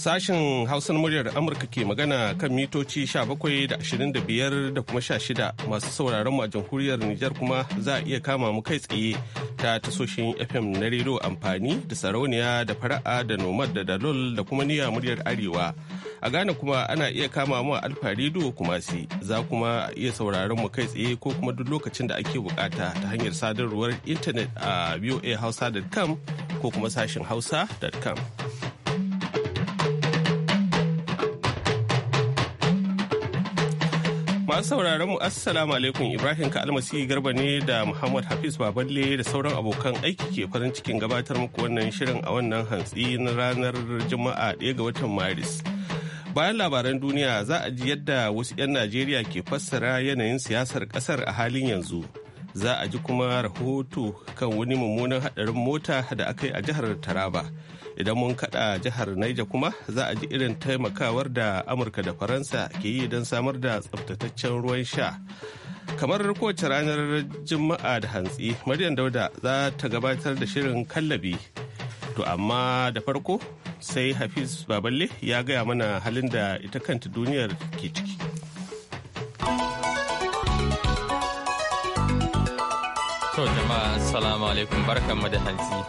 Sashen Hausar muryar Amurka ke magana kan mitoci 17 da 25 da kuma 16 masu sauraron mu a jamhuriyar Nijar kuma za a iya kama mu kai tsaye ta tasoshin FM na rediyo amfani da sarauniya da fara'a da nomad da dalol da kuma niya muryar Arewa. A Ghana kuma ana iya kama mu a Alfa kuma si za kuma iya sauraron mu kai tsaye ko kuma duk lokacin da ake bukata ta hanyar sadarwar intanet a voahausa.com ko kuma sashen hausa.com. Masu sauraron mu assalamu alaikum Ibrahim ka almasi garba ne da Muhammad Hafiz Baballe da sauran abokan aiki ke farin cikin gabatar muku wannan shirin a wannan hantsi na ranar Juma'a ɗaya ga watan Maris. Bayan labaran duniya za a ji yadda wasu 'yan Najeriya ke fassara yanayin siyasar ƙasar a halin yanzu. za a ji kuma rahoto kan wani mummunan hadarin mota da aka yi a jihar taraba idan mun kada jihar naija kuma za a ji irin taimakawar da amurka da faransa ke yi don samar da tsabtataccen ruwan sha kamar kowace ranar juma'a da hantsi maryam dauda za ta gabatar da shirin kallabi to amma da farko sai hafiz baballe ya gaya mana halin da ita kanta duniyar ke ciki Assalamu alaikum da hantsi.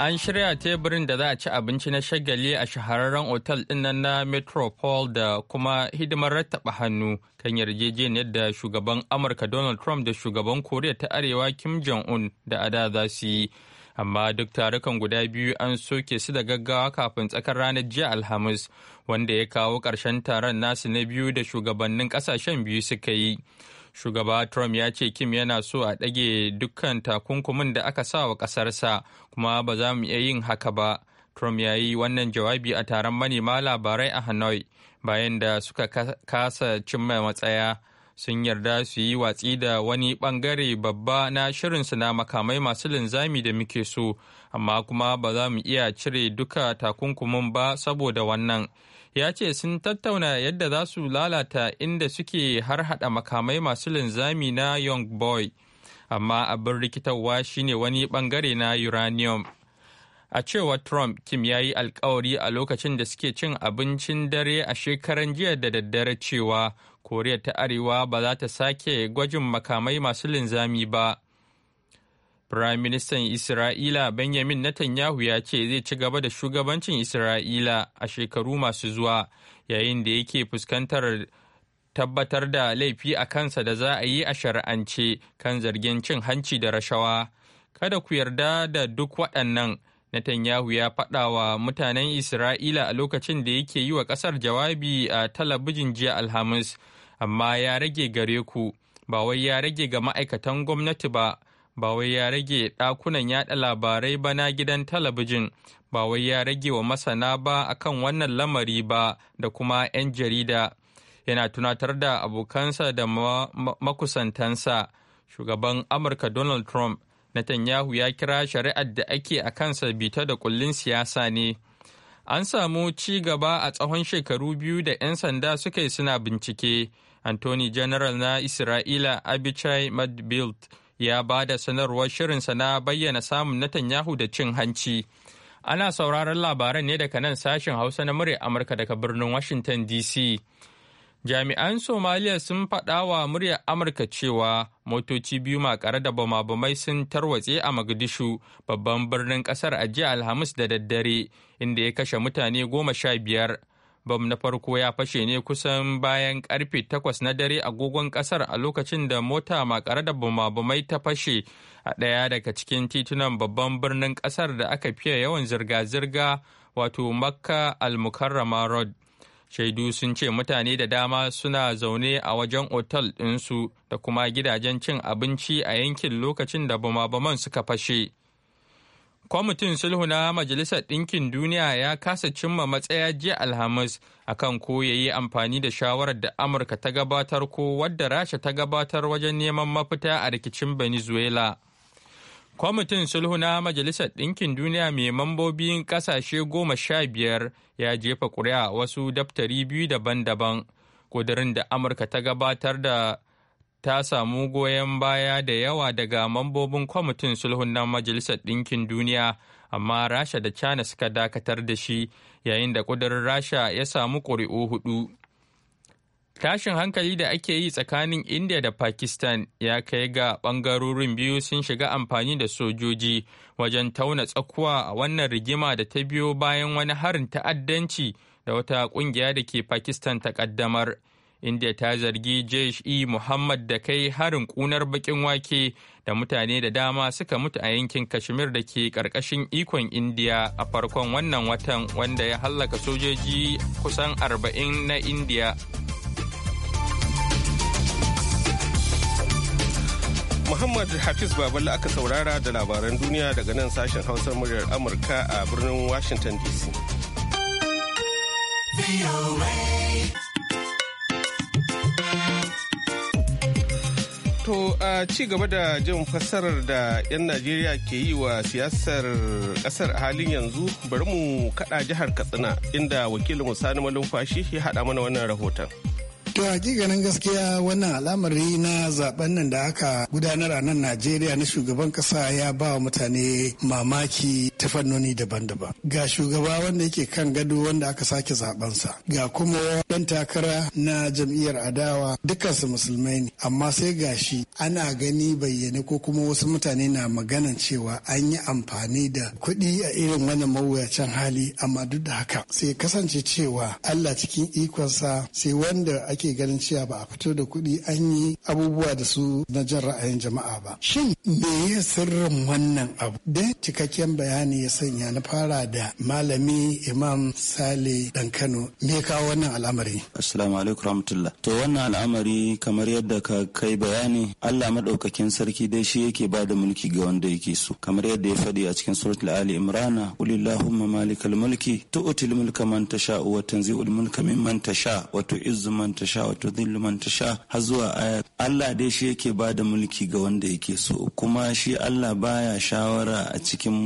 An shirya teburin da za a ci abinci na shagali a shahararren otal dinnan na Metropole da kuma hidimar rattaba hannu kan yarjejeniyar da shugaban Amurka Donald Trump da shugaban Koriya ta Arewa Kim Jong-un da ada za su yi. Amma duk tarukan guda biyu an soke su da gaggawa kafin tsakar ranar jiya Alhamis, wanda ya kawo ƙarshen taron nasu na biyu da shugabannin ƙasashen biyu suka yi. shugaba trump ya ce kim yana so a ɗage dukkan takunkumin da aka sa wa ƙasarsa kuma ba za mu iya yin haka ba trump ya yi wannan jawabi a taron manema labarai a hanoi bayan da suka kasa cimma matsaya sun yarda su yi watsi da wani bangare babba na shirinsu na makamai masu linzami da muke so amma kuma ba za mu iya cire duka takunkumin ba saboda wannan ya ce sun tattauna yadda za su lalata inda suke harhaɗa makamai masu linzami na young boy amma abin rikitarwa shine wani bangare na uranium a cewa trump kim ya yi alkawari a lokacin da suke cin abincin dare a shekaran jiya da daddare cewa koriya ta arewa ba za ta sake gwajin makamai masu linzami ba Firaministan Isra'ila Benjamin Netanyahu ya ce zai ci gaba da shugabancin Isra'ila a shekaru masu zuwa yayin da yake fuskantar tabbatar da laifi a kansa da za a yi a shari'ance kan zargin cin hanci da rashawa. Kada ku yarda da duk waɗannan. Netanyahu ya faɗa wa mutanen Isra'ila a lokacin da yake yi wa ƙasar jawabi a talabijin jiya Alhamis, amma ya rage gare ku, ba wai ya rage ga ma'aikatan gwamnati ba. ba wai ya rage ɗakunan yaɗa labarai ba na gidan talabijin ba wai ya rage wa masana ba akan wannan lamari ba da kuma 'yan jarida yana tunatar da abokansa da makusantansa shugaban amurka donald trump netanyahu ya kira shari'ar da ake a kansa bita da kullin siyasa ne an samu ci gaba a tsawon shekaru biyu da 'yan sanda suka yi suna bincike anthony general na isra'ila abichai madbilt ya ba da sanarwar shirinsa na bayyana samun Netanyahu da cin hanci. Ana sauraron labaran ne daga nan sashen Hausa na murya Amurka daga birnin Washington DC. Jami'an Somaliya sun faɗa wa murya Amurka cewa motoci biyu makare da bama-bamai sun tarwatse a Magadishu, babban birnin ƙasar a jiya Alhamis da daddare, inda ya kashe mutane goma sha biyar. bam na farko ya fashe ne kusan bayan karfe takwas na dare agogon kasar a lokacin da mota makare da bumabumai ta fashe a ɗaya daga cikin titunan babban birnin kasar da aka fiye yawan zirga-zirga wato makka al-mukarrama road shaidu sun ce mutane da dama suna zaune a wajen otal ɗinsu da kuma gidajen cin abinci a yankin lokacin da bumabuman suka fashe kwamitin sulhu na majalisar ɗinkin duniya ya kasa cimma matsaya jiya alhamis akan ko ya yi amfani da shawarar da amurka ta gabatar ko wadda rasha ta gabatar wajen neman mafita a rikicin venezuela kwamitin sulhu na majalisar ɗinkin duniya mai mambobin ƙasashe goma sha biyar ya jefa ƙuri'a wasu daftari biyu daban-daban ƙudurin da amurka ta gabatar da ta samu goyon baya da yawa daga mambobin kwamitin sulhun na majalisar ɗinkin duniya amma rasha da china suka dakatar da shi yayin da ƙudurin rasha ya samu ƙuri'u hudu tashin hankali da ake yi tsakanin india da pakistan ya kai ga ɓangarorin biyu sun shiga amfani da sojoji wajen tauna tsakuwa a wannan rigima da ta biyo bayan wani harin ta'addanci da wata ƙungiya da ke pakistan ta ƙaddamar india ta zargi jesh e muhammad da kai harin kunar bakin wake da mutane da dama suka mutu a yankin kashmir da ke karkashin ikon indiya a farkon wannan watan wanda ya hallaka sojoji kusan 40 na indiya. Muhammad Hafiz Babalu aka saurara da labaran duniya daga nan sashen Hausar muryar Amurka a birnin Washington DC. To a ci gaba da jin fassarar da 'yan Najeriya ke yi wa siyasar kasar halin yanzu bari mu kada jihar Katsina inda wakilin Sani Malumfashi ya haɗa mana wannan rahoton. To hakikanin gaskiya wannan al'amari na zaben nan da aka gudanar a nan Najeriya na shugaban kasa ya ba wa mutane mamaki ta fannoni daban-daban ga shugaba wanda yake kan gado wanda aka sake zabansa ga kuma dan takara na jam'iyyar adawa dukansu musulmai ne amma sai gashi ana gani bayyane ko kuma wasu mutane na maganan cewa an yi amfani da kuɗi a irin wannan mawuyacin hali amma duk da haka sai kasance cewa Allah cikin ikonsa sai wanda ake ganin cewa ba a fito da kuɗi an yi abubuwa da su na jan ra'ayin jama'a ba shin me ya sirrin wannan abu dan cikakken bayani ne ya sanya na fara da malami imam sale dan kano me kawo wannan al'amari assalamu alaikum rahmatullah to wannan al'amari kamar yadda ka kai bayani allah madaukakin sarki dai shi yake ba da mulki ga wanda yake so kamar yadda ya faɗi a cikin suratul ali imrana qul allahumma malikal mulki tu'til mulka man tasha wa tanzi'ul mulka mimman tasha wa tu'izzu man tasha wa tudhillu man tasha har zuwa aya allah dai shi yake ba da mulki ga wanda yake so kuma shi allah baya shawara a cikin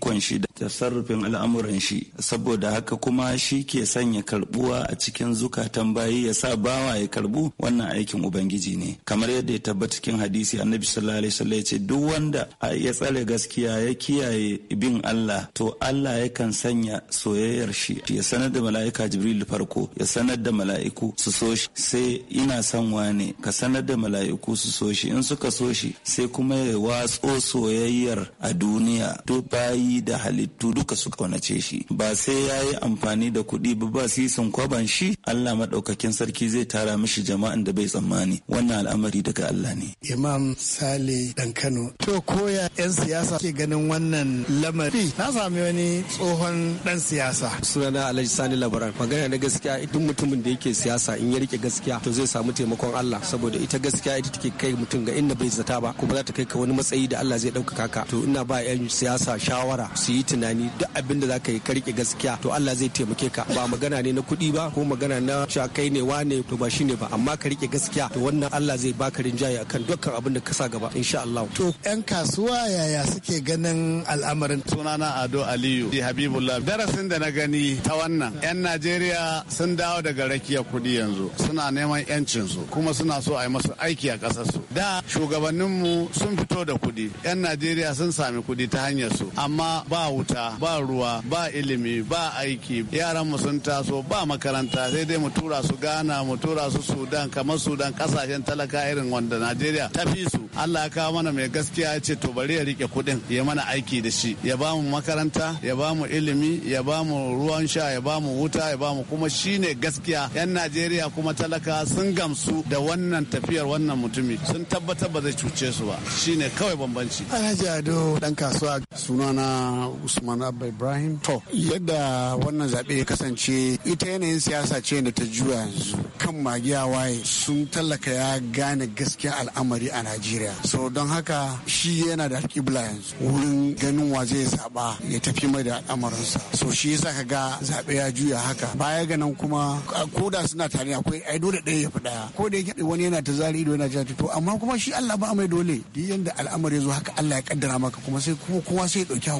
ikon shi da tasarrufin al'amuran shi saboda haka kuma shi ke sanya karbuwa a cikin zukatan bayi ya sa bawa ya karbu wannan aikin ubangiji ne kamar yadda ya tabbata cikin hadisi annabi sallallahu alaihi wasallam ya ce duk wanda ya tsare gaskiya ya kiyaye bin Allah to Allah yakan sanya soyayyar shi ya sanar da mala'ika Jibril farko ya sanar da mala'iku su so shi sai ina son wane ka sanar da mala'iku su so shi in suka so shi sai kuma ya watso soyayyar a duniya to bayi yi da halittu duka su kaunace shi ba sai ya yi amfani da kuɗi ba ba sisin kwaban shi Allah maɗaukakin sarki zai tara mishi jama'an da bai tsammani wannan al'amari daga Allah ne. Imam Sale Dan Kano to koya 'yan siyasa ke ganin wannan lamari na sami wani tsohon ɗan siyasa. Sunana Alhaji Sani Labaran magana na gaskiya duk mutumin da yake siyasa in ya rike gaskiya to zai samu taimakon Allah saboda ita gaskiya ita take kai mutum ga inda bai zata ba kuma za ta kai ka wani matsayi da Allah zai ɗaukaka ka to ina ba 'yan siyasa shawara shawara su yi tunani duk abin da zaka yi ka rike gaskiya to Allah zai taimake ka ba magana ne na kuɗi ba ko magana na cewa kai ne wane to ba shine ba amma ka rike gaskiya to wannan Allah zai baka rinjaye akan dukkan abin da ka sa gaba insha Allah to yan kasuwa yaya suke ganin al'amarin sunana Ado Aliyu Habibullah darasin da na gani ta wannan yan Najeriya sun dawo daga rakiyar kudi yanzu suna neman yancin su kuma suna so a yi masu aiki a ƙasar su da shugabanninmu sun fito da kuɗi yan Najeriya sun sami kuɗi ta hanyar su amma ba wuta ba ruwa ba ilimi ba aiki yaran mu sun taso ba makaranta sai dai mu tura su gana mu tura su Sudan kamar Sudan kasashen talaka irin wanda Najeriya ta fi su Allah ya mana mai gaskiya ce to bari ya rike kuɗin ya mana aiki da shi ya ba mu makaranta ya ba mu ilimi ya ba mu ruwan sha ya ba mu wuta ya ba mu kuma shine gaskiya yan Najeriya kuma talaka sun gamsu da wannan tafiyar wannan mutumi sun tabbatar ba zai cuce su ba shine kawai bambanci Alhaji Ado dan kasuwa sunana na usman abba ibrahim to yadda wannan zaɓe ya kasance ita yanayin siyasa ce da ta juya yanzu kan magiya waye sun tallaka ya gane gaskiya al'amari a najeriya so don haka shi yana da alƙibla yanzu wurin ganin wa zai saba ya tafi mai da al'amarinsa so shi yasa ka ga zaɓe ya juya haka baya ga nan kuma ko da suna tare akwai ai dole ɗaya ya fi ɗaya ko da yake wani yana ta zari ido yana ja to amma kuma shi Allah ba mai dole duk yanda al'amari ya zo haka Allah ya kaddara maka kuma sai kuma kowa sai ya ɗauki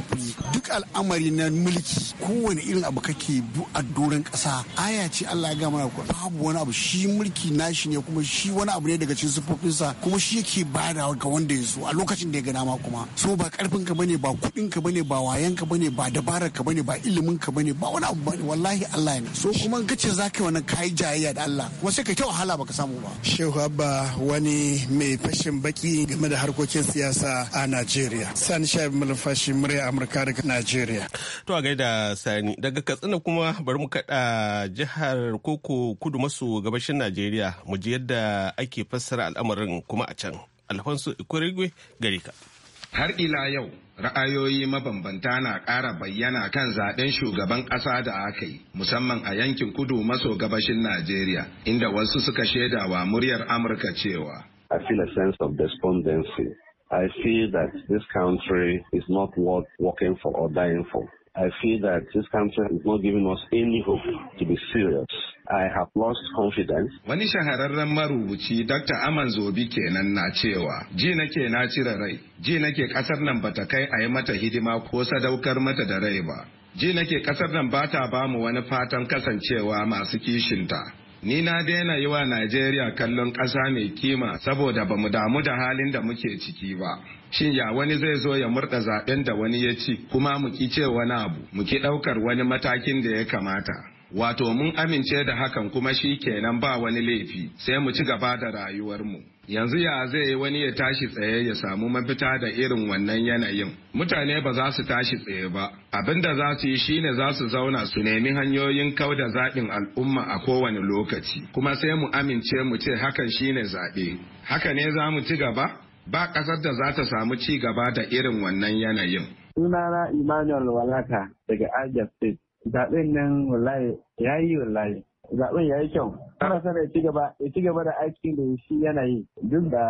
duk al'amari na mulki kowane irin abu kake bu a doron ƙasa aya ce Allah ya gama ku babu wani abu shi mulki nashi ne kuma shi wani abu ne daga cikin sufofinsa kuma shi yake bada ga wanda ya so a lokacin da ya ga ma kuma so ba karfin ka bane ba kudin ka bane ba wayan ka bane ba dabarar ka bane ba ilimin ka bane ba wani abu bane wallahi Allah ya so kuma kace zaka wannan kai jayayya da Allah kuma sai kai ta wahala ka samu ba Shehu Abba wani mai fashin baki game da harkokin siyasa a Najeriya San shaibu Mulfashi murya amurka daga najeriya to a gaida sani daga katsina kuma bari mu kada jihar koko kudu maso gabashin najeriya mu ji yadda ake fassara al'amarin kuma a can alfonso ikorigwe gare ka har ila yau ra'ayoyi mabambanta na ƙara bayyana kan zaɓen shugaban ƙasa da aka yi musamman a yankin kudu maso gabashin najeriya inda wasu suka shaidawa muryar amurka cewa I feel a sense of despondency I feel that this country is not worth working for or dying for. I feel that this country is not giving us any hope to be serious. I have lost confidence. Wani shahararren marubuci Dr. Aman Zobi kenan na cewa ji nake na cire rai, ji nake kasar nan bata kai a yi mata hidima ko sadaukar mata da rai ba. Ji nake kasar nan bata wani fatan kasancewa masu kishinta. Ni na daina yi wa Najeriya kallon ƙasa mai kima saboda ba mu damu da halin da muke ciki ba. Shin ya wani zai zo ya murɗa zaɓen da wani ya ci kuma mu ki ce wani abu, mu ki ɗaukar wani matakin da ya kamata. wato mun amince da hakan kuma shi kenan ba wani laifi sai mu ci gaba da rayuwarmu yanzu ya zai yi wani ya tashi tsaye ya samu mafita da irin wannan yanayin mutane ba za su tashi tsaye ba abin da za su yi shine za su zauna su nemi hanyoyin kau da zaɓin al'umma a kowane lokaci kuma sai mu amince mu ce hakan shine zaɓe haka ne za mu ci gaba ba ƙasar da za ta samu ci gaba da irin wannan yanayin sunana Emmanuel Walata daga Abia State zaben nan wallahi ya yi wallahi zaben ya yi kyau ana son ya ci gaba da aikin da shi yana yi duk da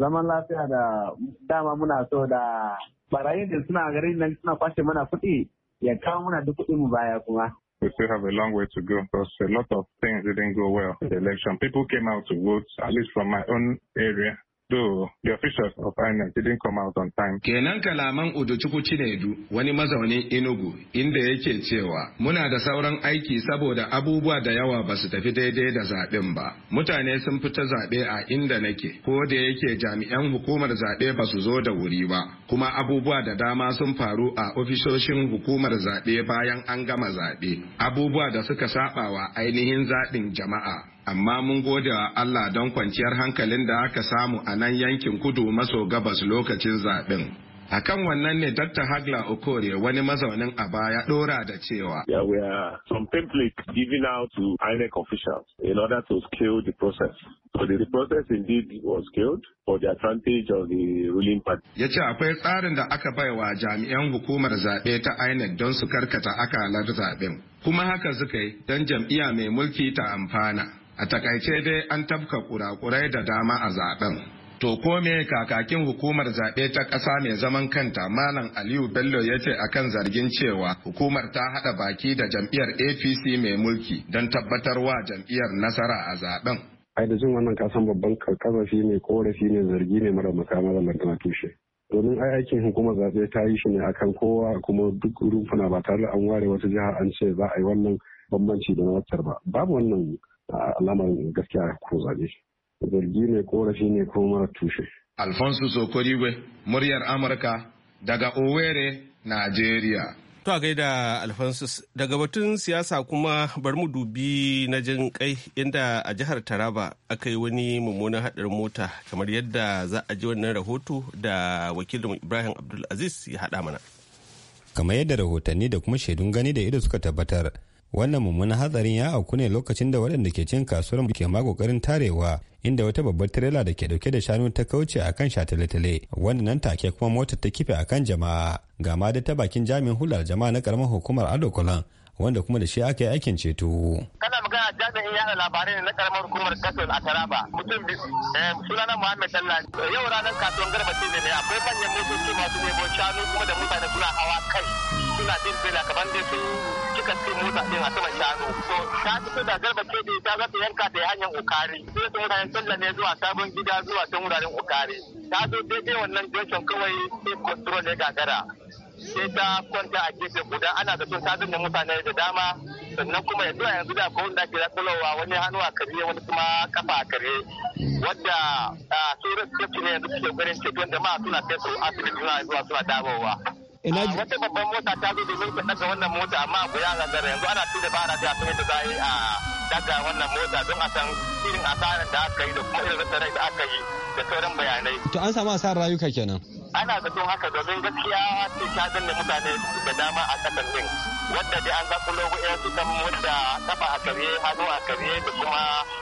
zaman lafiya da dama muna so da barayin da suna garin nan suna kwashe mana kuɗi ya kawo muna duk kuɗin mu baya kuma we still have a long way to go because a lot of things didn't go well the election. People came out to vote, at least from my own area, though the officials of INEC didn't come out on time. Kenan kalaman Udochukwu Chinedu wani mazaunin Enugu inda yake cewa muna da sauran aiki saboda abubuwa da yawa ba su tafi daidai da zaɓen ba. Mutane sun fita zaɓe a inda nake ko da yake jami'an hukumar zaɓe ba su zo da wuri ba kuma abubuwa da dama sun faru a ofisoshin hukumar zaɓe bayan an gama zaɓe abubuwa da suka saɓa wa ainihin zaɓin jama'a. amma mun gode wa Allah don kwanciyar hankalin da aka samu a nan yankin kudu maso gabas lokacin zaɓen. A kan wannan ne Dr. Hagla Okorie wani mazaunin a baya ɗora da cewa. Yeah, we are some given out to INEC officials in order to scale the process. So the process indeed was scaled for the advantage of the ruling party. Ya ce akwai tsarin da aka bai wa jami'an hukumar zaɓe ta INEC don su karkata akalar zaɓen. Kuma haka suka yi don jam'iyya mai mulki ta amfana. a takaice dai an tafka kurakurai da dama a zaben to ko me kakakin hukumar zaɓe ta ƙasa mai zaman kanta malam aliyu bello ya ce akan zargin cewa hukumar ta haɗa baki da jam'iyyar apc mai mulki don tabbatarwa jam'iyyar nasara a zaben ai da wannan kasan babban shi ne korafi ne zargi ne mara da lantana tushe domin ai aikin hukumar zaɓe ta yi shi ne akan kowa kuma duk rufuna ba tare da an ware wata jiha an ce za a yi wannan bambanci da na ba babu wannan Alamar gaskiya ko zaɓe. zargi ne korafi ne ko mara tushe alfonso sokorigwe muryar amurka daga owerri najeriya to a gaida Alfonso daga batun siyasa kuma bari mu dubi na jin kai inda a jihar taraba aka yi wani mummunan haɗarin mota kamar yadda za a ji wannan rahoto da wakilin ibrahim abdulaziz ya haɗa mana kamar yadda rahotanni da kuma shaidun gani da ido suka tabbatar wannan mummunan hatsarin ya auku ne lokacin da waɗanda ke cin kasuwar ke ma tarewa inda wata babbar tirela da ke dauke da shanu ta kauce a kan sha-tale-tale wanda nan take kuma motar ta kife a kan jama'a gama ma da ta bakin jami'in hular jama'a na karamar hukumar ado wanda kuma da shi aka yi aikin ceto. Kana magana jami'in yada labarai ne na karamar hukumar Gasol a Taraba mutum eh, sunana Muhammad Sallah yau ranar kasuwan garba ce ne akwai manyan motoci masu nebo shanu kuma da mutane suna hawa kai suna jin bela kamar dai sun cika cikin mota din a saman shanu. To ta fito da garba ce ne ta zata yanka ta hanyar Okari sai su mutanen Sallah ne zuwa sabon gida zuwa can wuraren Okari. Ta zo daidai wannan jokin kawai sai control ne gagara. sai ta kwanta a gefe guda ana sun ta da mutane da dama sannan kuma yanzu a yanzu da kowanne ake zakulowa wani hannu a karye wani kuma kafa a karye wadda tsoron rikki ne yanzu suke ganin da jama'a suna kai su asibiti suna zuwa suna dawowa. wata babban mota ta zo domin ta daga wannan mota amma abu ya gagara yanzu ana tuda bara da ta yadda za a yi a daga wannan mota don a san irin asarar da aka yi da kuma irin rasa da aka yi da sauran bayanai to an samu asarar rayuka kenan ana zaton haka domin gaskiya ce ta danne mutane da dama a kasar din wadda da an zakulo ya su kan wadda kafa a kare hannu a kare da kuma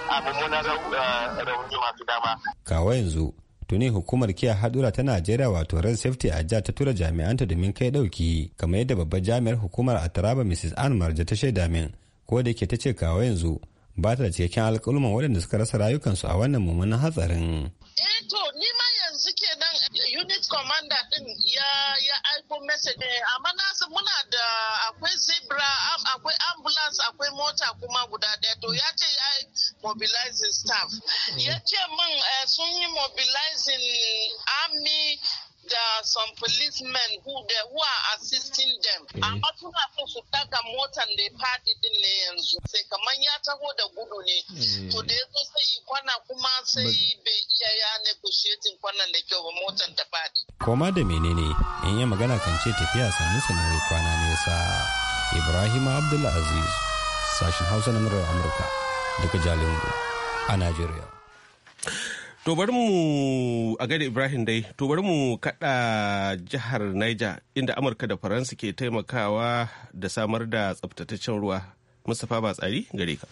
a mummunan eh, rauni masu dama. kawa yanzu tuni hukumar kiya hadura ta najeriya wato ran safety a ja ta tura ta domin kai dauki kamar yadda babbar jami'ar hukumar a taraba mrs ann marja ta shaida min ko da yake ta ce kawo yanzu ba ta da cikakken alƙaluman waɗanda suka rasa rayukansu a wannan mummunan hatsarin. eh to ni ma yanzu kenan unit commander din ya ya aiko message amma nasu muna da akwai zebra akwai ambulance akwai mota kuma guda daya to ya ce ya mobilizing staff mm. ya ce min eh, sun yi mobilizing army there are some policemen who they, who are assisting them amma suna so su daga motan da fadi din ne yanzu sai kamar ya taho da gudu ne eh. to da yazo sai kwana kuma sai bai iya ya negotiating kwanan da kyau ba motan ta fadi koma da menene in ya magana kan ce tafiya sanu sanarwa kwana nesa ibrahim abdulaziz sashen hausa na murar amurka daga jalingo a najeriya To bari mu a gada Ibrahim dai, to bari mu kada jihar Niger inda Amurka da Faransa ke taimakawa da samar da tsabtataccen ruwa. Mustapha tsari gare ka.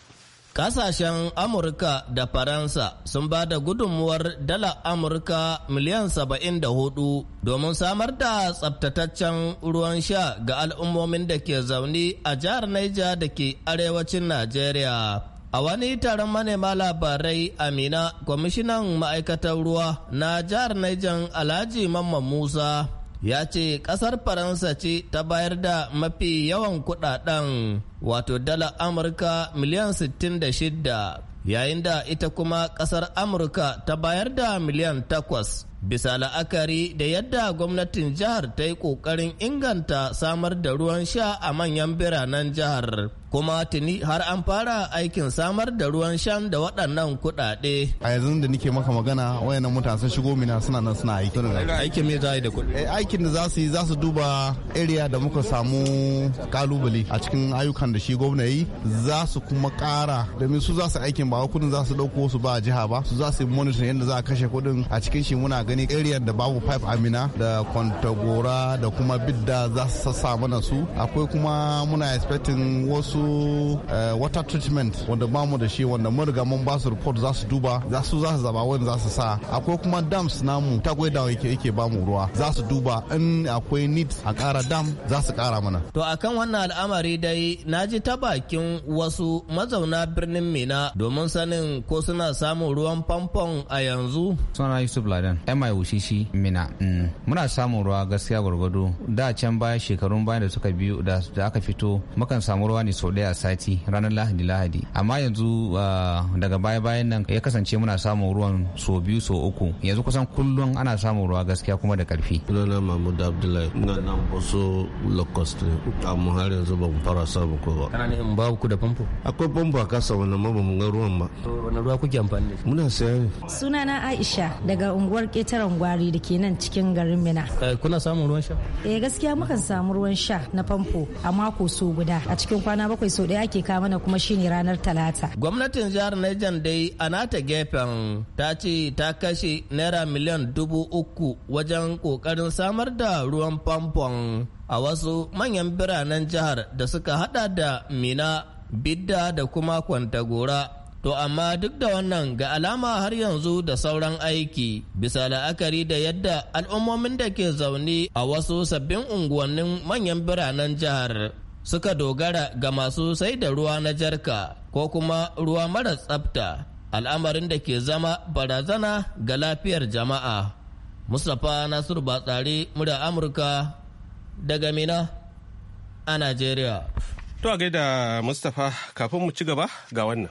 Kasashen Amurka da Faransa sun ba da gudunmuwar dala Amurka miliyan saba'in da hudu, domin samar da tsabtataccen ruwan sha ga al'ummomin da ke zaune a jihar Niger da ke arewacin Najeriya. A wani taron manema labarai Amina, kwamishinan ma'aikatar ruwa na jihar Niger Alhaji Mamman Musa ya ce ƙasar Faransa ce ta bayar da mafi yawan kuɗaɗen wato dala Amurka miliyan 66 yayin da ita kuma ƙasar Amurka ta bayar da miliyan 8. bisa la'akari da yadda gwamnatin jihar ta yi ƙoƙarin inganta samar da ruwan sha a manyan biranen jihar kuma tuni har an fara aikin samar da ruwan shan da waɗannan kuɗaɗe. a yanzu da nike maka magana wayannan mutane sun shigo mina suna nan suna aiki aikin me za a yi da kuɗi eh, aikin da za su yi za su duba area da muka samu kalubale a cikin ayyukan da shi gwamna yi za su kuma ƙara domin su za su aikin ba kuɗin za su ɗauko su ba jiha ba su za su yi monitoring yadda za a kashe kuɗin a cikin shi muna gani area da babu pipe amina da kwantagora da kuma bidda za su sassa mana su akwai kuma muna expecting wasu eh, water treatment wanda ba mu da shi wanda mun riga mun ba su report za su duba za su za su zaba wani za su sa akwai kuma dams namu tagoi da yake yake ba mu ruwa za su duba in akwai need a kara dam za su kara mana to akan wannan al'amari dai na ji ta bakin wasu mazauna birnin mina domin sanin ko suna samun ruwan famfon a yanzu suna yusuf ladan mai wushishi mina mm. muna samun ruwa gaskiya gwargwado da can baya shekarun baya da suka biyu da aka fito mukan samu ruwa ne sau daya a sati ranar lahadi lahadi amma yanzu ah, daga baya bayan nan ya kasance muna samun ruwan sau biyu sau uku yanzu kusan kullum ana samun ruwa gaskiya kuma da karfi sunana mahmud abdullahi na nan wasu locust ne amma har yanzu ba mu fara samun ko ba kana nufin babu ku da famfo akwai famfo a kasa wannan ma ba mu ga ruwan ba to wani ruwa kuke amfani da shi muna sayar ne sunana aisha daga unguwar keta tattaran gwari da ke nan cikin garin mina eh, kuna samun ruwan sha eh gaskiya mukan samu ruwan sha na famfo a mako so guda a cikin kwana bakwai sau ɗaya ake kama na kuma shine ranar talata gwamnatin jihar Niger dai a nata gefen ta ce ta kashe naira miliyan dubu uku wajen kokarin samar da ruwan famfon a wasu manyan biranen jihar da suka hada da mina bidda da kuma kwantagora To amma duk da wannan ga alama har yanzu da sauran aiki bisa la'akari da yadda al'ummomin da ke zaune a wasu sabbin unguwannin manyan biranen jihar suka dogara ga masu sai da ruwa na jarka ko kuma ruwa mara tsabta al'amarin da ke zama barazana ga lafiyar jama'a. Mustapha Nasiru Batsari murya Amurka daga Mina a Najeriya. To a gaida Mustapha kafin mu ci gaba ga wannan.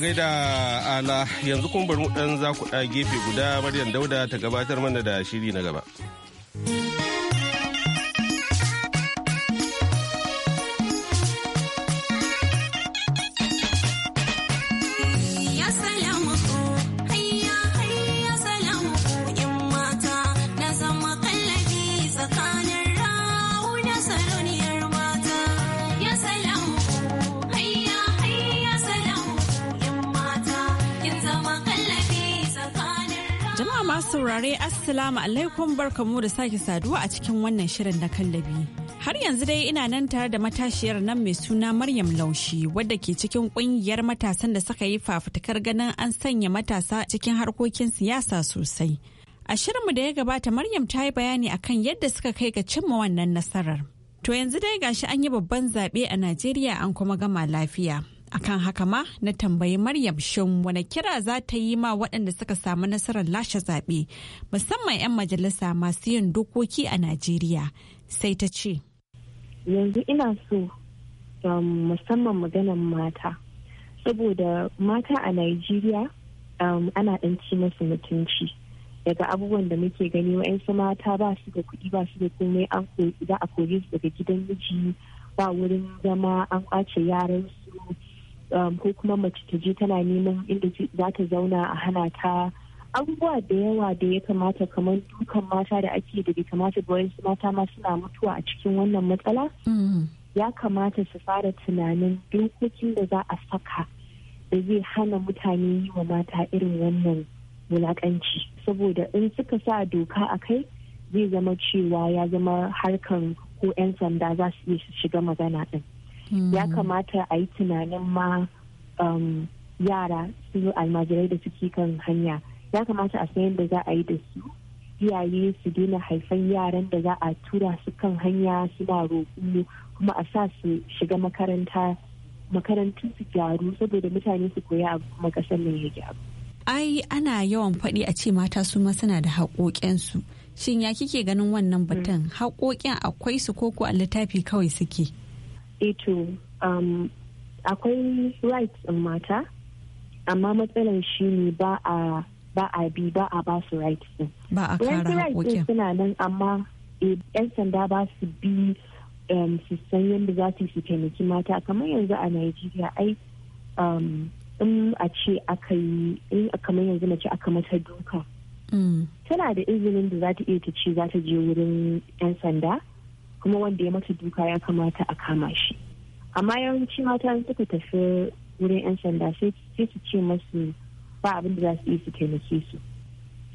gaida ala yanzu kun bari mu dan za ku da gefe guda Maryam Dauda ta gabatar mana da shiri na gaba. saurare Assalamu alaikum barkamu da sake saduwa a cikin wannan shirin na kallabi. Har yanzu dai ina nan tare da matashiyar nan mai suna Maryam Laushi wadda ke cikin kungiyar matasan da suka yi fafutukar ganin an sanya matasa cikin harkokin siyasa sosai. A shirinmu da ya gabata Maryam ta yi bayani akan yadda suka kai ga cimma wannan nasarar. To yanzu dai gashi an yi babban zaɓe a Najeriya an kuma gama lafiya. akan haka ma na tambayi maryam shin wani kira za ta yi ma waɗanda suka samu nasarar lashe zaɓe musamman 'yan majalisa masu yin dokoki a najeriya sai ta ce yanzu ina so um, musamman maganan mata saboda mata a najeriya um, ana ɗan ci masu mutunci daga abubuwan da muke gani wa'yansu mata ba su da kuɗi ba su da komai an za a koyi daga gidan miji ba wurin zama an ƙwace yaran su Um, ko kuma mace ta je tana neman inda za ta zauna a hana ta abubuwa da yawa da ya kamata kamar dukan mata da ake da bai kamata ba wasu mata ma suna mutuwa a cikin wannan matsala mm. ya kamata su fara tunanin dokokin da za a saka da zai hana mutane yi wa mata irin wannan wulakanci saboda in suka sa doka a kai zai zama cewa ya zama harkan ko 'yan sanda za su iya shiga magana ɗin. Hmm. ya kamata a yi tunanin ma um, yara su almajirai da suke kan hanya ya kamata a san yadda za a yi da su iyaye su daina haifan yaran da za a tura su kan hanya suna roƙo kuma a sa su shiga makaranta makarantu su gyaru saboda mutane su koya a kuma ƙasar nan ya gyaru. ai ana yawan faɗi a ce mata su ma suna da haƙoƙensu shin ya kike ganin wannan batun haƙoƙin akwai su koko a littafi kawai suke. ito eh um, akwai rights in mata amma matsalar shi ne ba a ba a bi ba a ba su rights din ba a kara din suna nan amma yan eh, sanda ba su bi um, su san yadda za su su taimaki mata kamar yanzu a Najeriya ai um, in a ce aka yi in kamar yanzu mace aka mata duka mm. tana da izinin da za ta iya ta ce za ta je wurin yan sanda kuma wanda ya mata duka ya kamata a kama shi amma yawanci mata suka tafi wurin 'yan sanda sai su ce masu ba abin da za su yi su taimake su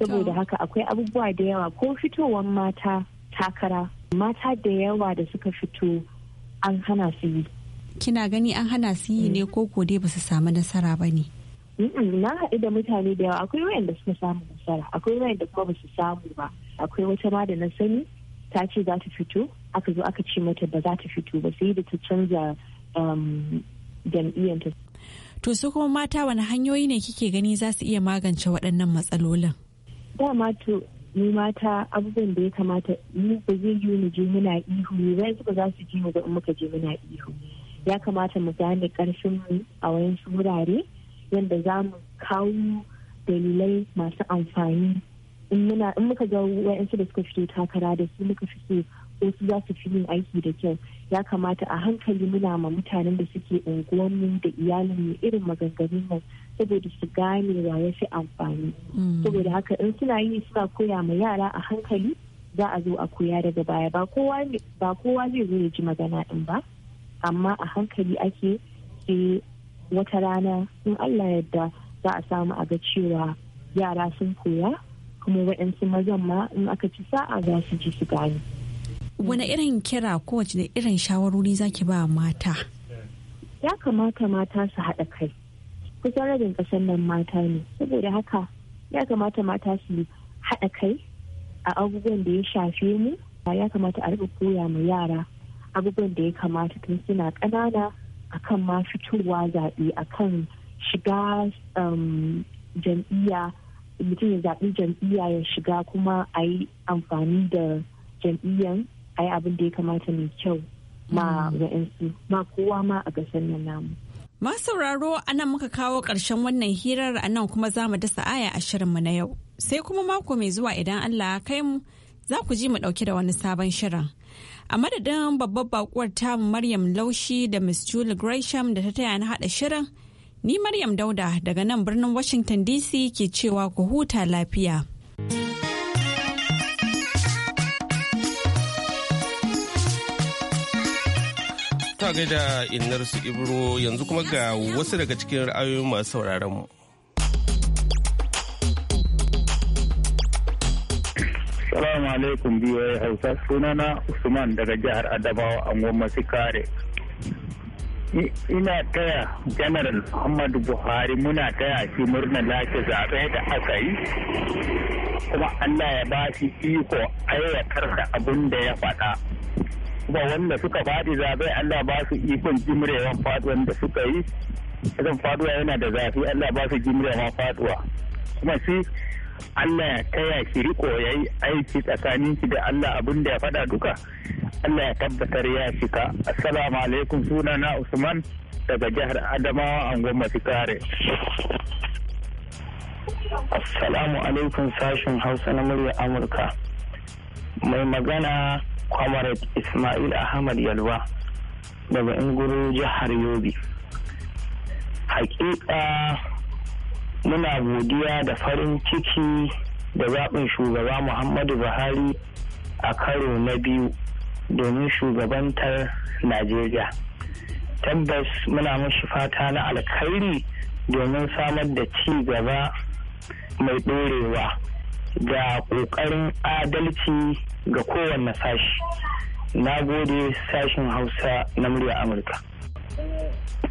saboda haka akwai abubuwa da yawa ko fitowar mata takara mata da yawa da suka fito an hana su yi kina gani an hana su yi ne mm. ko ko dai ba su samu nasara ba ne na haɗu da mutane da yawa akwai wayanda suka samu nasara akwai wayanda kuma ba su samu ba akwai wata ma da na sani ta ce za ta fito aka zo aka ce mata ba za ta fito ba sai da ta canza um, jam'iyyanta. To su kuma mata wani hanyoyi ne kike gani za su iya magance waɗannan matsalolin? Dama to ni mata abubuwan da ya kamata mu ba zai yi je muna ihu ne zai ba za su ji mu ga in muka je muna ihu. Ya kamata mu gane ƙarfin mu a wayansu wurare yadda za mu kawo dalilai masu amfani in muka ga wa'yansu da suka fito takara da su muka fito wasu za su fi yin aiki da kyau ya kamata a hankali muna ma mutanen da suke unguwanni da iyalin mu irin maganganun nan saboda su gane wa ya fi amfani mm. saboda haka in suna yi suna koya ma yara a hankali za a zo a koya daga baya ba kowa zai zo ya ji magana din ba amma a hankali ake sai wata rana in allah yadda za a samu a ga cewa yara sun koya kuma waɗansu mazan ma in aka ci sa'a za su ji su gane. wani irin kira kowace da irin shawarori zaki ba mata ya kamata mata su haɗa kai kusan rabin ƙasar nan mata ne saboda haka ya kamata mata su haɗa kai a abubuwan da ya shafe mu ya kamata a riƙa koya ma yara abubuwan da ya kamata tun suna ƙanana akan ma fitowa zaɓe akan shiga um, jam'iyya mutum ya zaɓi jam'iyya ya shiga kuma a yi amfani da jam'iyyan a yi abin da ya kamata mai kyau ma mm. yansu ma kowa ma a gasar nan namu. sauraro a nan muka kawo ƙarshen wannan hirar a nan kuma za mu dasa aya a shirin mu na yau. Sai kuma mako mai zuwa idan Allah kai mu za ku ji mu ɗauki da wani sabon shirin. A madadin babbar bakuwar tamu Maryam Laushi da Miss Julie Gresham da ta taya na haɗa shirin. Ni Maryam Dauda daga nan birnin Washington DC ke cewa ku huta lafiya. Ta gaida inar su Ibro yanzu kuma ga wasu daga cikin ra'ayoyin masu sauraron mu. Salamu alaikum Hausa sunana Usman daga jihar Adabawa angon masu kare ina taya general muhammadu buhari muna taya shi murna lashe zaɓe da aka yi kuma allah ya ba shi iko aiwatar da abin da ya faɗa kuma wanda suka faɗi zaɓe allah ba su ikon jimrewan faduwan da suka yi zan faduwa yana da zafi allah ba su jimrewan faduwa kuma shi Allah ya taya shi riko ya aiki tsakanin shi da Allah abin da ya faɗa duka Allah ya tabbatar ya shika assalamu alaikum sunana Usman daga jihar Adamawa goma kare. Assalamu alaikum sashen Hausa na murya Amurka mai magana Comrade Ismail Ahmad Yalwa daga Inguru jihar Yobe Hakika muna godiya da farin ciki da zaɓin shugaba muhammadu buhari a karo na biyu domin shugabantar najeriya tabbas muna mashi fata na alkhairi domin samar da ci gaba mai ɗorewa da ƙoƙarin adalci ga kowanne sashi na gode sashin hausa na murya amurka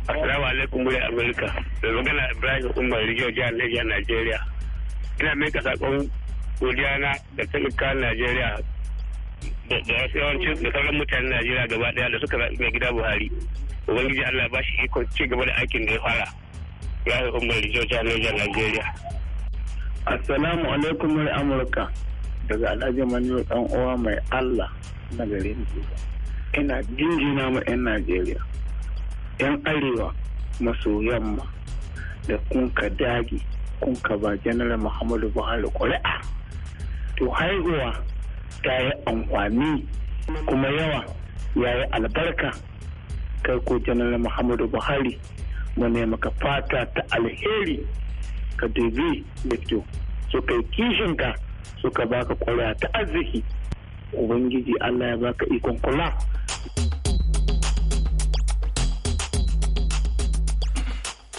Asalamu alaikum muryar Amurka. Da magana Ibrahim Umar Rijiyar Jihar Niger Najeriya. Ina mai sakon godiya na da talaka Najeriya da wasu yawanci da sauran mutanen Najeriya gaba daya da suka zaɓi mai gida Buhari. Ubangiji Allah ba shi ikon ci gaba da aikin da ya fara. Ibrahim Umar Rijiyar Jihar Niger Najeriya. Assalamu alaikum muryar Amurka. Daga Alhaji Maniyo ɗan uwa mai Allah na garin Ina jinjina ma 'yan Najeriya. 'yan arewa maso yamma da kunka dage kunka ba janar muhammadu buhari ƙuri'a to haihuwa ta yi amfani kuma yawa ya yi albarka kai ko janar muhammadu buhari mu maka fata ta alheri ka dubi da kyau suka yi kishinka suka baka ƙuri'a ta arziki ubangiji allah ya baka ikon kula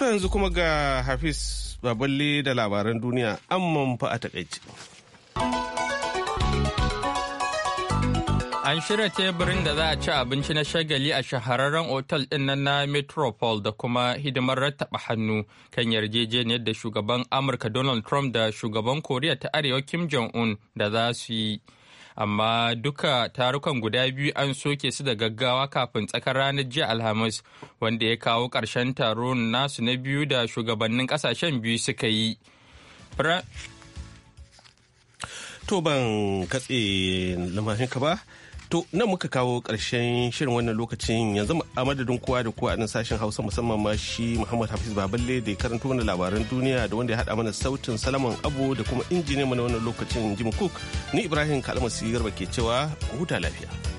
To yanzu kuma ga Hafiz Baballe da labaran duniya amman fa a takaice. An shirya teburin da za a ci abinci na shagali a shahararren otal ɗin nan na Metropole da kuma hidimar rattaba hannu kan yarjejeniyar da shugaban Amurka Donald Trump da shugaban Koriya ta Arewa Kim Jong-un da za su yi. amma duka tarukan guda biyu an soke su da gaggawa kafin tsakar ranar jiya alhamis wanda ya kawo ƙarshen taro nasu na biyu da shugabannin ƙasashen biyu suka yi to ban katse ka ba To nan muka kawo ƙarshen shirin wannan lokacin yanzu a madadin kowa da kowa a nan sashen Hausa musamman ma shi Muhammad Hafiz Baballe da ya karanto mana labaran duniya da wanda ya haɗa mana sautin Salaman Abu da kuma injiniyan mana wannan lokacin Jim Cook ni Ibrahim Kalmasi Garba ke cewa huta lafiya.